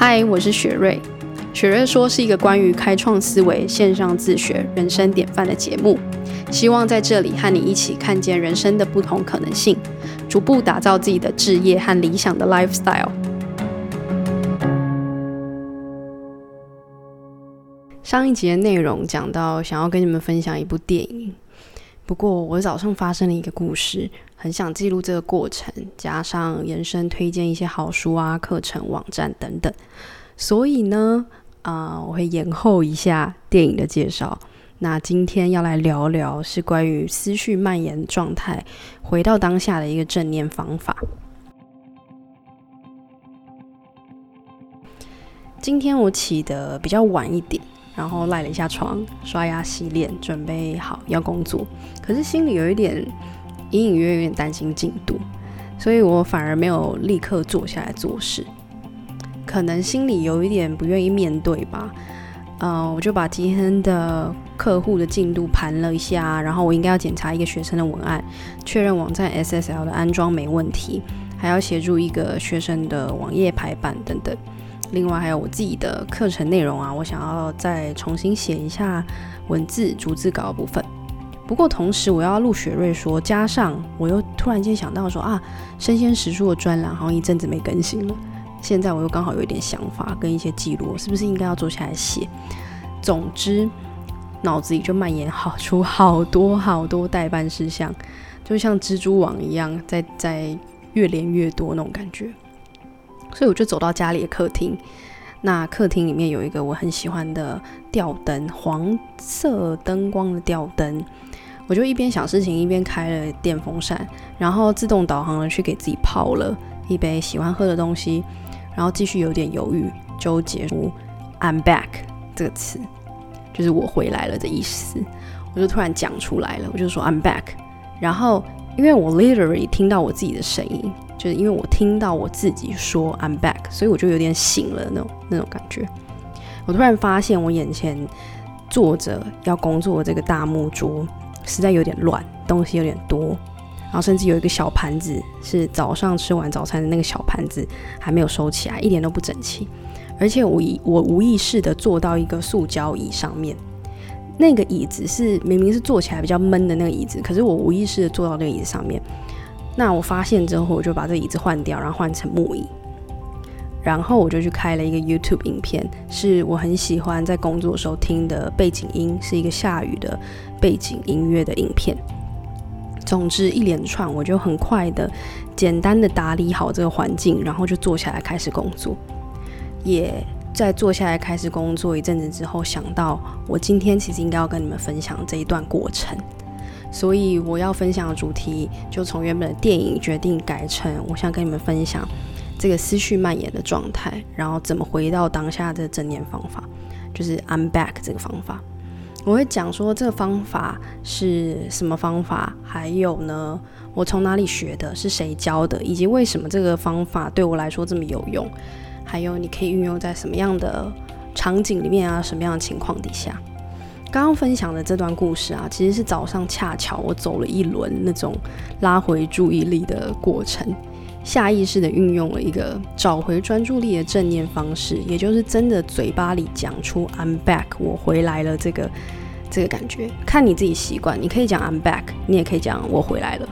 嗨，Hi, 我是雪瑞。雪瑞說是一個關於開創思維、線上自學、人生典範的節目，希望在這裡和你一起看見人生的不同可能性，逐步打造自己的志業和理想的 lifestyle。上一節內容講到，想要跟你們分享一部電影，不過我早上發生了一個故事。很想記錄這個過程，加上延伸推薦一些好書啊、課程、網站等等。所以呢，啊、呃，我會延後一下電影的介紹。那今天要來聊聊，是關於思緒蔓延狀態，回到當下的一個正念方法。今天我起得比較晚一點，然後賴了一下床，刷牙、洗臉，準備好要工作，可是心裡有一點。隱隱約約有點擔心進度，所以我反而沒有立刻坐下來做事，可能心裡有一點不願意面對吧。嗯、呃，我就把今天的客戶的進度盤了一下，然後我應該要檢查一個學生的文案，確認網站 SSL 的安裝沒問題，還要協助一個學生的網頁排版等等。另外還有我自己的課程內容啊，我想要再重新寫一下文字逐字稿的部分。不過，同時我要錄雪瑞說，加上我又突然間想到說啊，生鮮時書的專欄好像一陣子沒更新了，現在我又剛好有一點想法跟一些記錄，是不是應該要坐下來寫？總之，腦子裡就蔓延好出好多好多待辦事項，就像蜘蛛網一樣，在在越連越多那種感覺。所以我就走到家裡的客廳，那客廳裡面有一個我很喜歡的吊燈，黃色燈光的吊燈。我就一邊想事情，一邊開了電風扇，然後自動導航了去給自己泡了一杯喜歡喝的東西，然後繼續有點猶豫糾結出 I'm back 這個詞，就是我回來了的意思。我就突然講出來了，我就說 I'm back。然後因為我 literally 聽到我自己的聲音，就是因為我聽到我自己說 I'm back，所以我就有點醒了那種那種感覺。我突然發現我眼前坐着要工作的這個大木桌，實在有點亂，東西有點多，然後甚至有一個小盤子是早上吃完早餐的那個小盤子還沒有收起來，一點都不整齊。而且我一我無意識的坐到一個塑膠椅上面，那個椅子是明明是坐起來比較悶的那個椅子，可是我無意識的坐到那個椅子上面。那我發現之後，我就把這個椅子換掉，然後換成木椅。然後我就去開了一個 YouTube 影片，是我很喜歡在工作的時候聽的背景音，是一個下雨的背景音樂的影片。總之一連串，我就很快的、簡單的打理好這個環境，然後就坐下來開始工作。也在坐下來開始工作一陣子之後，想到我今天其實應該要跟你們分享這一段過程，所以我要分享的主題就從原本的電影決定改成我想跟你們分享。這個思緒蔓延的狀態，然後怎麼回到當下的正念方法，就是 I'm Back 這個方法。我會講說這個方法是什麼方法，還有呢，我從哪裡學的，是誰教的，以及為什麼這個方法對我來說這麼有用，還有你可以運用在什麼樣的場景裡面啊，什麼樣的情況底下。剛剛分享的這段故事啊，其實是早上恰巧我走了一輪那種拉回注意力的過程，下意識的運用了一個找回專注力的正念方式，也就是真的嘴巴裡講出 “I'm back”，我回來了這個這個感覺。看你自己習慣，你可以講 “I'm back”，你也可以講“我回來了”。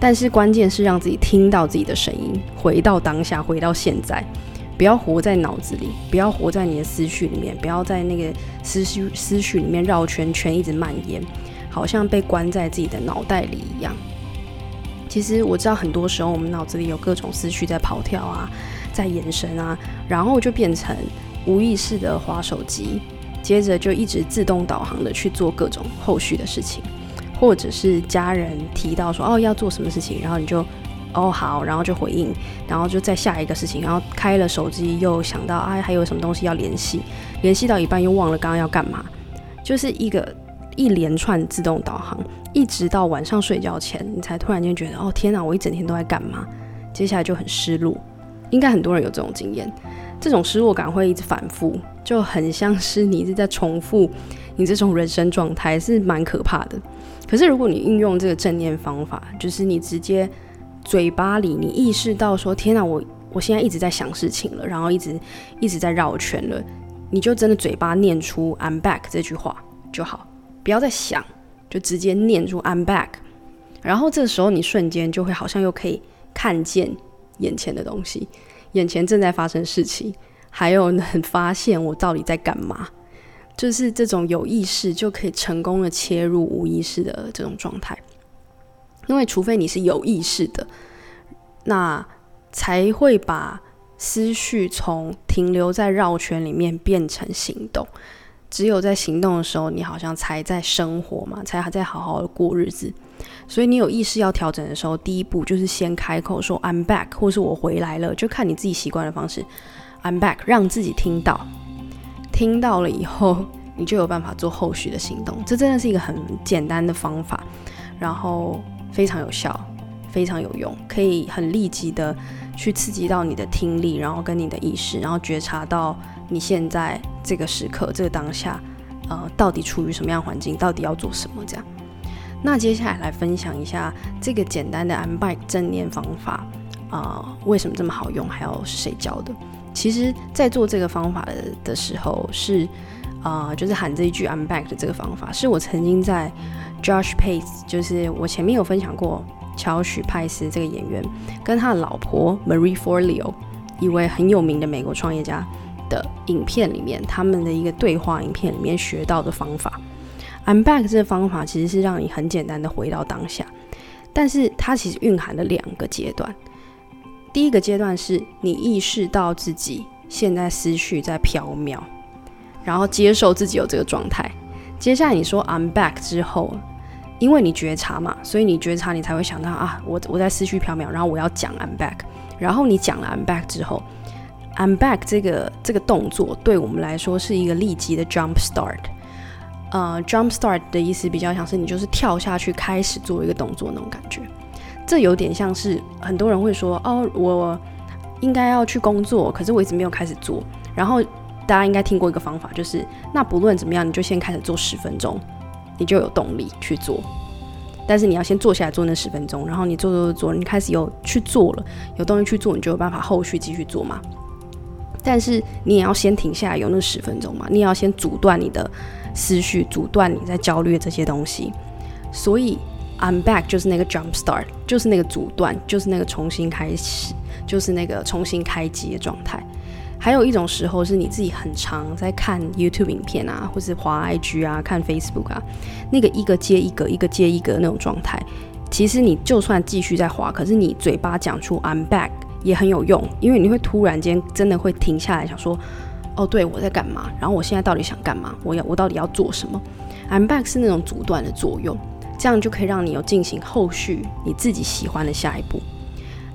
但是關鍵是讓自己聽到自己的聲音，回到當下，回到現在，不要活在腦子裡，不要活在你的思緒裡面，不要在那個思緒思緒裡面繞圈圈，一直蔓延，好像被關在自己的腦袋裡一樣。其實我知道，很多時候我們腦子裡有各種思緒在跑跳啊，在延伸啊，然後就變成無意識的滑手機，接着就一直自動導航的去做各種後續的事情，或者是家人提到說哦，要做什麼事情，然後你就哦好，然後就回應，然後就再下一個事情，然後開了手機又想到啊，還有什麼東西要聯繫，聯繫到一半又忘了剛剛要幹嘛，就是一個。一連串自動導航，一直到晚上睡覺前，你才突然間覺得哦天啊，我一整天都在幹嘛？接下來就很失落，應該很多人有這種經驗，這種失落感會一直反覆，就很像是你一直在重複你這種人生狀態，是蠻可怕的。可是如果你運用這個正念方法，就是你直接嘴巴裡你意識到說天啊，我我現在一直在想事情了，然後一直一直在繞圈了，你就真的嘴巴念出 I'm back 這句話就好。不要再想，就直接念住 I'm Back，然後這時候你瞬間就會好像又可以看見眼前的東西，眼前正在發生事情，還有很發現我到底在幹嘛，就是這種有意識就可以成功的切入無意識的這種狀態，因為除非你是有意識的，那才會把思緒從停留在繞圈裡面變成行動。只有在行動的時候，你好像才在生活嘛，才還在好好的過日子。所以你有意識要調整的時候，第一步就是先開口說 "I'm back"，或是我回來了，就看你自己習慣的方式。I'm back，讓自己聽到。聽到了以後，你就有辦法做後續的行動。這真的是一個很簡單的方法，然後非常有效，非常有用，可以很立即的去刺激到你的聽力，然後跟你的意識，然後覺察到。你現在這個時刻、這個當下，呃，到底處於什麼樣環境？到底要做什麼？這樣。那接下來來分享一下這個簡單的 “I'm Back” 正念方法啊、呃，為什麼這麼好用？還有是誰教的？其實，在做這個方法的的時候是，是、呃、啊，就是喊這一句 “I'm Back” 的這個方法，是我曾經在 Josh Pais，就是我前面有分享過喬許·派斯這個演員，跟他的老婆 Marie Forleo，一位很有名的美國創業家。的影片裡面，他們的一個對話影片裡面學到的方法，“I'm back” 這個方法其實是讓你很簡單的回到當下，但是它其實蘊含了兩個階段。第一個階段是你意識到自己現在思緒在飄渺，然後接受自己有這個狀態。接下來你說 “I'm back” 之後，因為你覺察嘛，所以你覺察你才會想到啊，我我在思緒飄渺，然後我要講 “I'm back”，然後你講了 “I'm back” 之後。I'm back 這個這個動作對我們來說是一個立即的 jump start。呃，jump start 的意思比較像是你就是跳下去開始做一個動作那種感覺。這有點像是很多人會說哦，我應該要去工作，可是我一直沒有開始做。然後大家應該聽過一個方法，就是那不論怎麼樣，你就先開始做十分鐘，你就有動力去做。但是你要先坐下來做那十分鐘，然後你做做做做，你開始有去做了，有動力去做，你就有辦法後續繼續做嘛。但是你也要先停下來，有那十分鐘嘛？你也要先阻斷你的思緒，阻斷你在焦慮這些東西。所以 I'm back 就是那個 jump start，就是那個阻斷，就是那個重新開始，就是那個重新開機的狀態。還有一種時候是你自己很常在看 YouTube 影片啊，或是滑 IG 啊，看 Facebook 啊，那個一個接一個，一個接一個的那種狀態。其實你就算繼續在滑，可是你嘴巴講出 I'm back。也很有用，因為你會突然間真的會停下來想說，哦對，對我在幹嘛？然後我現在到底想幹嘛？我要我到底要做什麼？I'm back 是那種阻斷的作用，這樣就可以讓你有進行後續你自己喜歡的下一步。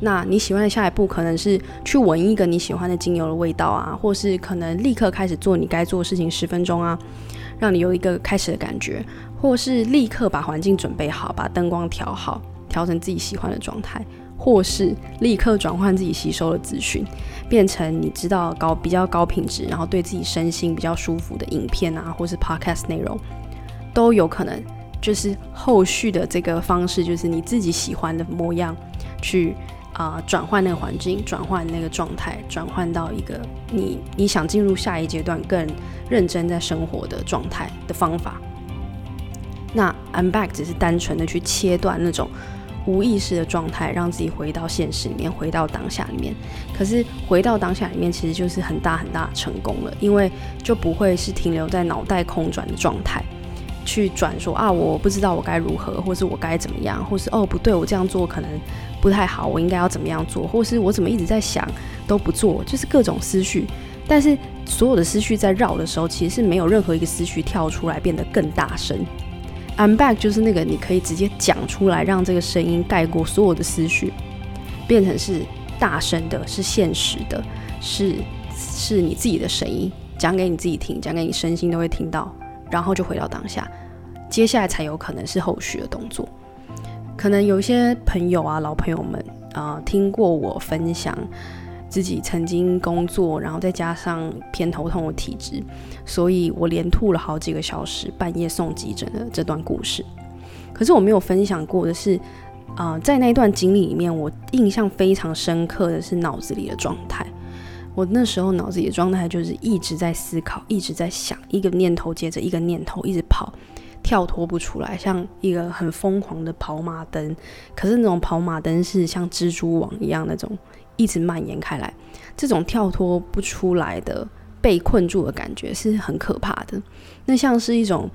那你喜歡的下一步可能是去聞一個你喜歡的精油的味道啊，或是可能立刻開始做你該做的事情十分鐘啊，讓你有一個開始的感覺，或是立刻把環境準備好，把燈光調好，調成自己喜歡的狀態。或是立刻轉換自己吸收的資訊，變成你知道高比較高品質，然後對自己身心比較舒服的影片啊，或是 podcast 內容，都有可能，就是後續的這個方式，就是你自己喜歡的模樣去，去、呃、啊轉換那個環境，轉換那個狀態，轉換到一個你你想進入下一階段更認真在生活的狀態的方法。那 I'm Back 只是單純的去切斷那種。無意識的狀態，讓自己回到現實裡面，回到當下裡面。可是回到當下裡面，其實就是很大很大的成功了，因為就不會是停留在腦袋空轉的狀態，去轉說啊，我不知道我該如何，或是我該怎麼樣，或是哦不對，我這樣做可能不太好，我應該要怎麼樣做，或是我怎麼一直在想都不做，就是各種思緒。但是所有的思緒在繞的時候，其實是沒有任何一個思緒跳出來變得更大聲。I'm back，就是那個你可以直接講出來，讓這個聲音蓋過所有的思緒，變成是大聲的、是現實的、是是你自己的聲音，講給你自己聽，講給你身心都會聽到，然後就回到當下，接下來才有可能是後續的動作。可能有一些朋友啊、老朋友們啊、呃，聽過我分享。自己曾經工作，然後再加上偏頭痛的體質，所以我連吐了好幾個小時，半夜送急診的這段故事。可是我沒有分享過的是，啊、呃，在那段經歷裡面，我印象非常深刻的是腦子裡的狀態。我那時候腦子裡的狀態就是一直在思考，一直在想，一個念頭接着一個念頭一直跑，跳脫不出來，像一個很瘋狂的跑馬燈。可是那種跑馬燈是像蜘蛛網一樣那種。一直蔓延開來，這種跳脫不出來的被困住的感覺是很可怕的。那像是一種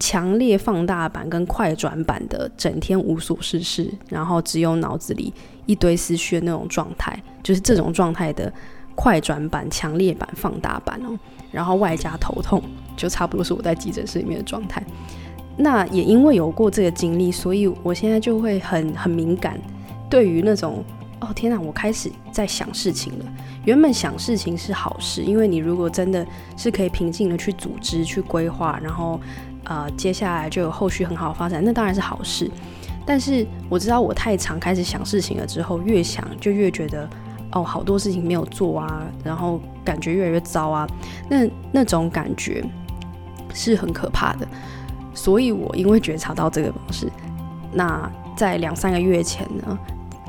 強烈放大版跟快轉版的，整天無所事事，然後只有腦子裡一堆思緒的那種狀態，就是這種狀態的快轉版、強烈版、放大版哦。然後外加頭痛，就差不多是我在急診室裡面的狀態。那也因為有過這個經歷，所以我現在就會很很敏感，對於那種。哦，天吶，我開始在想事情了。原本想事情是好事，因為你如果真的是可以平靜的去組織、去規劃，然後，呃，接下來就有後續很好發展，那當然是好事。但是我知道我太常開始想事情了之後，越想就越覺得，哦，好多事情沒有做啊，然後感覺越來越糟啊。那那種感覺是很可怕的。所以我因為覺察到這個模式，那在兩三個月前呢。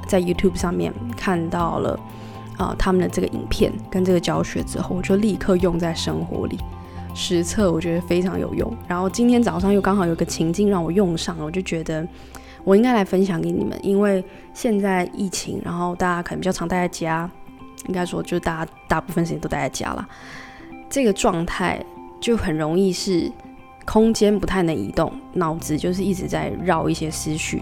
在 YouTube 上面看到了啊、呃，他們的這個影片跟這個教學之後，我就立刻用在生活裡實測，我覺得非常有用。然後今天早上又剛好有個情境讓我用上，我就覺得我應該來分享給你們，因為現在疫情，然後大家可能比較常待在家，應該說就大家大部分時間都待在家啦，這個狀態就很容易是空間不太能移動，腦子就是一直在繞一些思緒。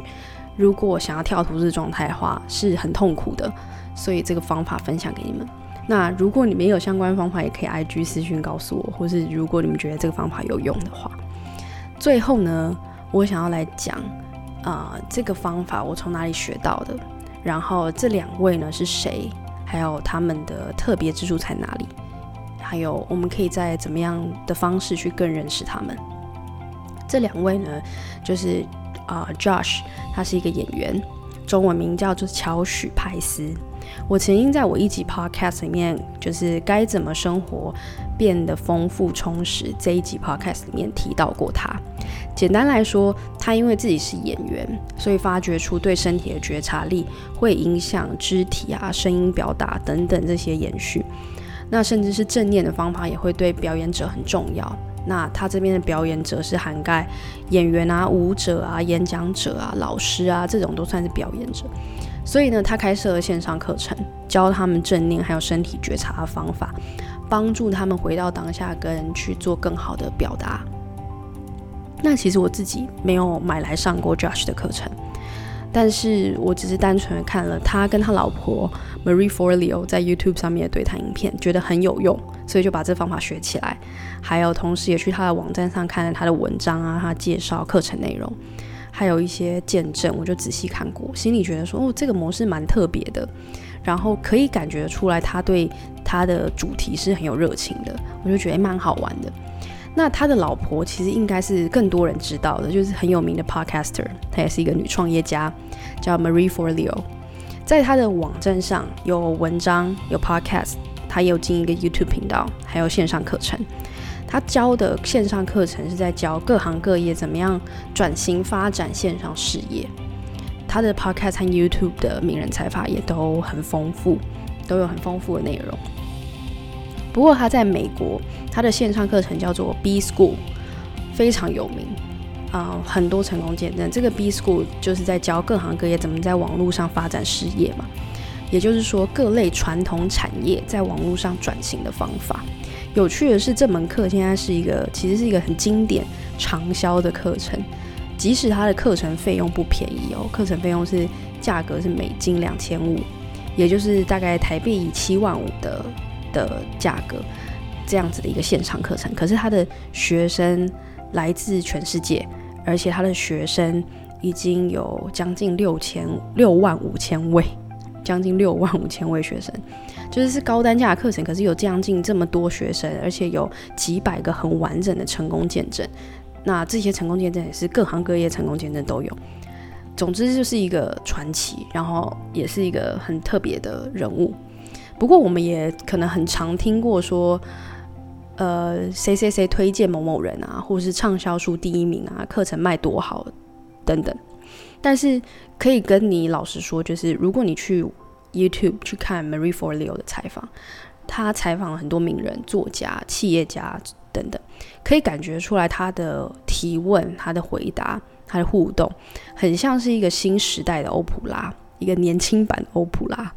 如果想要跳脫這個狀態的話，是很痛苦的，所以這個方法分享給你們。那如果你們有相關方法，也可以 IG 私訊告訴我，或是如果你們覺得這個方法有用的話。最後呢，我想要來講啊、呃，這個方法我從哪裡學到的，然後這兩位呢是誰，還有他們的特別之處在哪裡，還有我們可以在怎麼樣的方式去更認識他們。這兩位呢，就是。啊、uh，Josh，他是一個演員，中文名叫做喬許派斯。我曾經在我一集 Podcast 裡面，就是該怎麼生活變得豐富充實這一集 Podcast 裡面提到過他。簡單來說，他因為自己是演員，所以發掘出對身體的覺察力會影響肢體啊、聲音表達等等這些延續。那甚至是正念的方法也會對表演者很重要。那他這邊的表演者，是涵蓋演員啊、舞者啊、演講者啊、老師啊，這種都算是表演者。所以呢，他開設了線上課程，教他們正念還有身體覺察的方法，幫助他們回到當下，跟去做更好的表達。那其實我自己沒有買來上過 Josh 的課程。但是我只是單純的看了他跟他老婆 Marie Forleo 在 YouTube 上面的對談影片，覺得很有用，所以就把這方法學起來。還有，同時也去他的網站上看了他的文章啊，他介紹課程內容，還有一些見證，我就仔細看過，心裡覺得說哦，這個模式蠻特別的。然後可以感覺出來，他對他的主題是很有熱情的，我就覺得蠻好玩的。那他的老婆其實應該是更多人知道的，就是很有名的 podcaster，她也是一個女創業家，叫 Marie Forleo。在她的網站上有文章、有 podcast，她也有經營一個 YouTube 頻道，還有線上課程。她教的線上課程是在教各行各業怎麼樣轉型發展線上事業。她的 podcast 和 YouTube 的名人採訪也都很豐富，都有很豐富的內容。不過他在美國，他的線上課程叫做 B School，非常有名，啊，很多成功見證。這個 B School 就是在教各行各業怎麼在網絡上發展事業嘛，也就是說各類傳統產業在網絡上轉型的方法。有趣的是，這門課現在是一個，其實是一個很經典、長銷的課程，即使它的課程費用不便宜哦，課程費用是價格是美金兩千五，也就是大概台幣以七萬五的。的價格，這樣子的一個現場課程，可是他的學生來自全世界，而且他的學生已經有將近六千六萬五千位，將近六萬五千位學生，就是是高單價的課程，可是有將近這麼多學生，而且有幾百個很完整的成功見證，那這些成功見證也是各行各業成功見證都有，總之就是一個傳奇，然後也是一個很特別的人物。不過我們也可能很常聽過說，呃，誰誰誰推薦某某人啊，或者是暢銷書第一名啊，課程賣多好等等。但是可以跟你老實說，就是如果你去 YouTube 去看 Marie Forleo 的採訪，他採訪了很多名人、作家、企業家等等，可以感覺出來他的提問、他的回答、他的互動，很像是一個新時代的歐普拉，一個年輕版的歐普拉。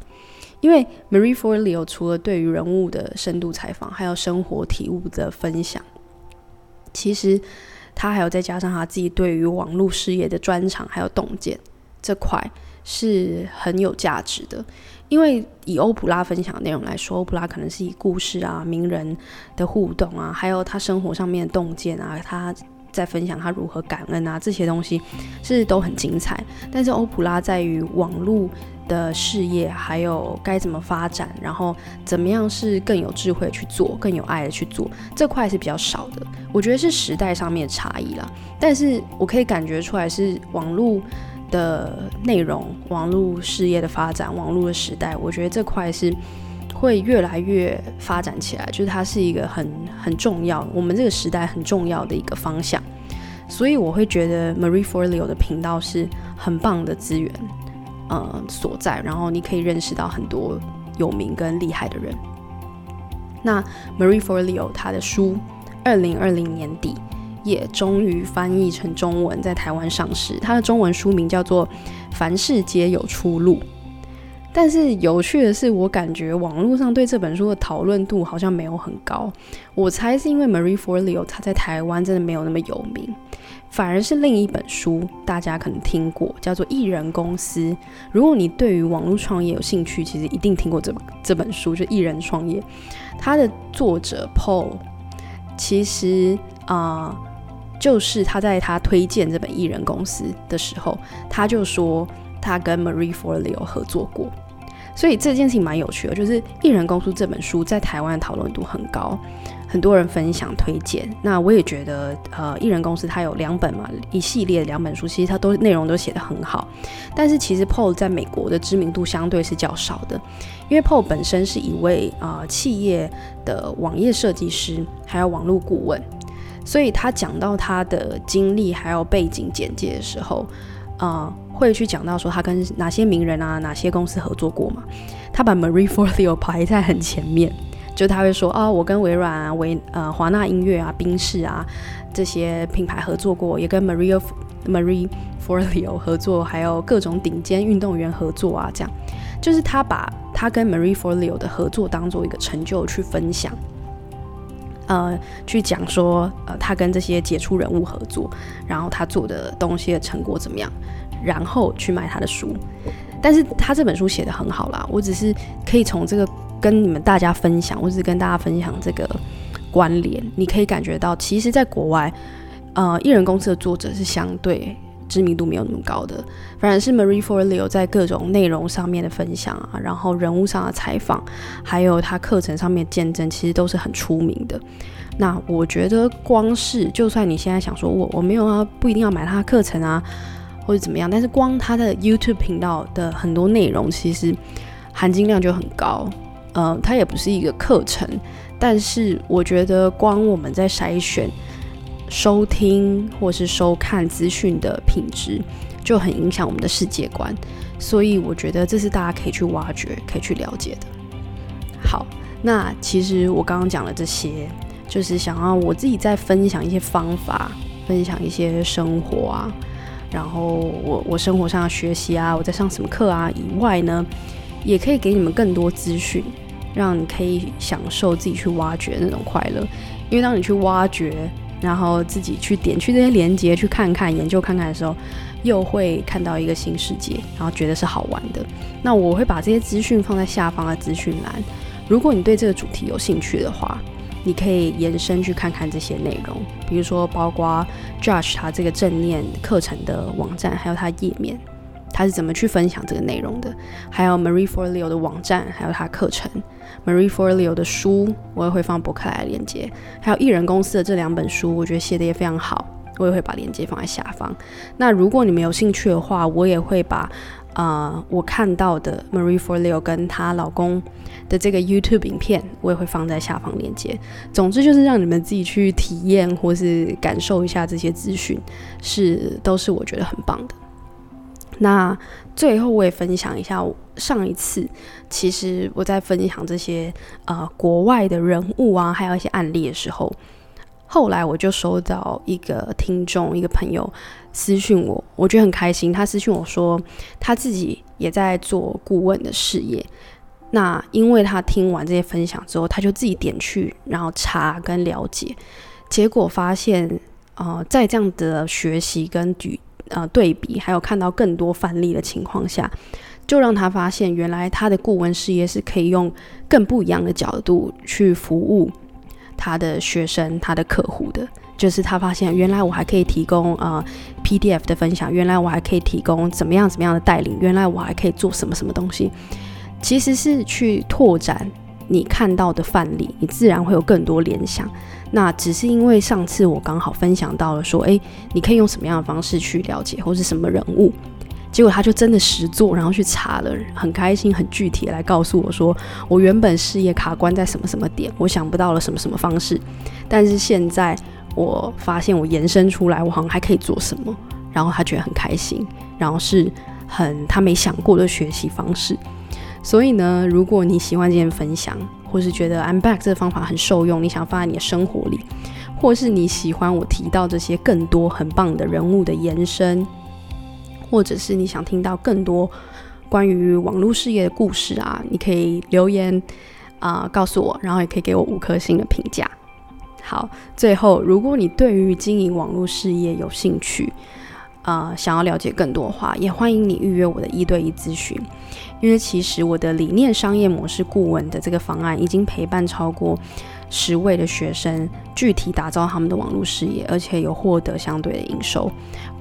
因為 Marie Forleo 除了對於人物的深度採訪，還有生活體悟的分享，其實他還有再加上他自己對於網絡事業的專長還有洞見，這塊是很有價值的。因為以歐普拉分享的內容來說，歐普拉可能是以故事啊、名人的互動啊，還有他生活上面的洞見啊，他在分享他如何感恩啊，這些東西是都很精彩。但是歐普拉在於網路。的事業還有該怎麼發展，然後怎麼樣是更有智慧去做，更有愛的去做，這塊是比較少的。我覺得是時代上面的差異了，但是我可以感覺出來是網絡的內容、網絡事業的發展、網絡的時代，我覺得這塊是會越來越發展起來，就是它是一個很很重要，我們這個時代很重要的一個方向。所以我會覺得 Marie Forleo 的頻道是很棒的資源。呃、嗯，所在，然後你可以認識到很多有名跟厲害的人。那 Marie Forleo 他的書，二零二零年底也終於翻譯成中文，在台灣上市。他的中文書名叫做《凡事皆有出路》。但是有趣的是，我感覺網絡上對這本書的討論度好像沒有很高。我猜是因為 Marie Forleo 他在台灣真的沒有那麼有名。反而是另一本書，大家可能聽過，叫做《一人公司》。如果你對於網絡創業有興趣，其實一定聽過這本這本書，就是《一人創業》。它的作者 Paul，其實啊、呃，就是他在他推薦這本《一人公司》的時候，他就說他跟 Marie Forleo 合作過。所以這件事情蠻有趣的，就是《一人公司》這本書在台灣的討論度很高。很多人分享推薦，那我也覺得，呃，一人公司他有兩本嘛，一系列的兩本書，其實他都內容都寫得很好。但是其實 Paul 在美國的知名度相對是較少的，因為 Paul 本身是一位啊、呃、企業的網頁設計師，還有網絡顧問，所以他講到他的經歷還有背景簡介的時候，啊、呃，會去講到說他跟哪些名人啊，哪些公司合作過嘛。他把 Marie Forleo 排在很前面。就他會說啊、哦，我跟微軟啊、微呃華納音樂啊、賓士啊這些品牌合作過，也跟 Marie Marie Forleo 合作，還有各種頂尖運動員合作啊，這樣就是他把他跟 Marie Forleo 的合作當做一個成就去分享，呃，去講說呃他跟這些傑出人物合作，然後他做的東西的成果怎麼樣，然後去賣他的書，但是他這本書寫得很好啦，我只是可以從這個。跟你們大家分享，或者跟大家分享這個關聯，你可以感覺到，其實，在國外，呃，一人公司的作者是相對知名度沒有那麼高的，反而是 Marie Forleo 在各種內容上面的分享啊，然後人物上的採訪，還有他課程上面的見證，其實都是很出名的。那我覺得，光是就算你現在想說我我沒有啊，不一定要買他的課程啊，或者怎麼樣，但是光他的 YouTube 頻道的很多內容，其實含金量就很高。嗯、呃，它也不是一個課程，但是我覺得光我們在篩選、收聽或是收看資訊的品質，就很影響我們的世界觀。所以我覺得這是大家可以去挖掘、可以去了解的。好，那其實我剛剛講了這些，就是想要我自己再分享一些方法，分享一些生活啊，然後我我生活上的學習啊，我在上什麼課啊以外呢，也可以給你們更多資訊。讓你可以享受自己去挖掘的那種快樂，因為當你去挖掘，然後自己去點去這些連接去看看、研究看看的時候，又會看到一個新世界，然後覺得是好玩的。那我會把這些資訊放在下方的資訊欄，如果你對這個主題有興趣的話，你可以延伸去看看這些內容，比如說包括 Josh 他這個正念課程的網站，還有他頁面。他是怎麼去分享這個內容的？還有 Marie Forleo 的網站，還有他課程，Marie Forleo 的書，我也會放博客來鏈接。還有藝人公司的這兩本書，我覺得寫的也非常好，我也會把鏈接放在下方。那如果你們有興趣的話，我也會把啊、呃、我看到的 Marie Forleo 跟她老公的這個 YouTube 影片，我也會放在下方鏈接。總之就是讓你們自己去體驗或是感受一下這些資訊，是都是我覺得很棒的。那最後我也分享一下上一次，其實我在分享這些呃國外的人物啊，還有一些案例的時候，後來我就收到一個聽眾一個朋友私信我，我覺得很開心。他私信我說他自己也在做顧問的事業，那因為他聽完這些分享之後，他就自己點去然後查跟了解，結果發現啊、呃、在這樣的學習跟舉。呃，對比還有看到更多範例的情況下，就讓他發現，原來他的顧問事業是可以用更不一樣的角度去服務他的學生、他的客戶的。就是他發現，原來我還可以提供呃 PDF 的分享，原來我還可以提供怎麼樣怎麼樣的帶領，原來我還可以做什麼什麼東西，其實是去拓展你看到的範例，你自然會有更多聯想。那只是因為上次我剛好分享到了說，誒，你可以用什麼樣的方式去了解，或是什麼人物，結果他就真的實做，然後去查了，很開心，很具體來告訴我說，我原本事業卡關在什麼什麼點，我想不到了什麼什麼方式，但是現在我發現我延伸出來，我好像還可以做什麼，然後他覺得很開心，然後是很他沒想過的學習方式。所以呢，如果你喜歡今天分享，或是覺得 I'm Back 這個方法很受用，你想放在你的生活裡，或是你喜歡我提到這些更多很棒的人物的延伸，或者是你想聽到更多關於網絡事業的故事啊，你可以留言啊、呃、告訴我，然後也可以給我五顆星的評價。好，最後，如果你對於經營網絡事業有興趣，啊、呃，想要了解更多的話，也歡迎你預約我的一對一諮詢。因為其實我的理念商業模式顧問的這個方案，已經陪伴超過十位的學生，具體打造他們的網絡事業，而且有獲得相對的營收，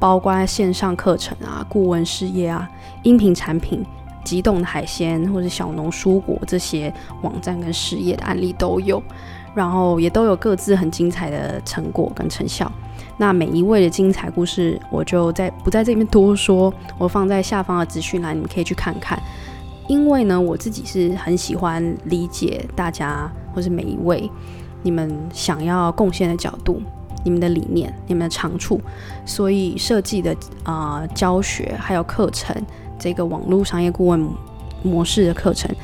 包括線上課程啊、顧問事業啊、音頻產品、急凍海鮮或者小農蔬果這些網站跟事業的案例都有，然後也都有各自很精彩的成果跟成效。那每一位的精彩故事，我就在不在這邊多說，我放在下方的資訊欄，你們可以去看看。因為呢，我自己是很喜歡理解大家或是每一位你們想要貢獻的角度、你們的理念、你們的長處，所以設計的啊、呃、教學還有課程，這個網絡商業顧問模式的課程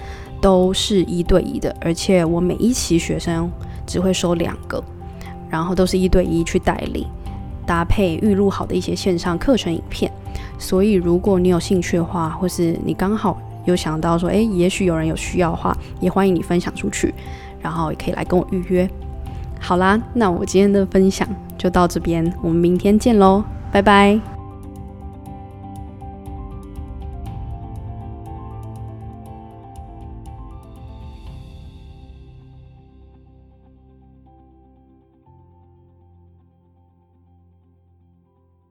都是一對一的，而且我每一期學生只會收兩個，然後都是一對一去帶領。搭配預錄好的一些線上課程影片，所以如果你有興趣的話，或是你剛好有想到說，誒，也許有人有需要的話，也歡迎你分享出去，然後也可以來跟我預約。好啦，那我今天的分享就到這邊，我們明天見嘍，拜拜。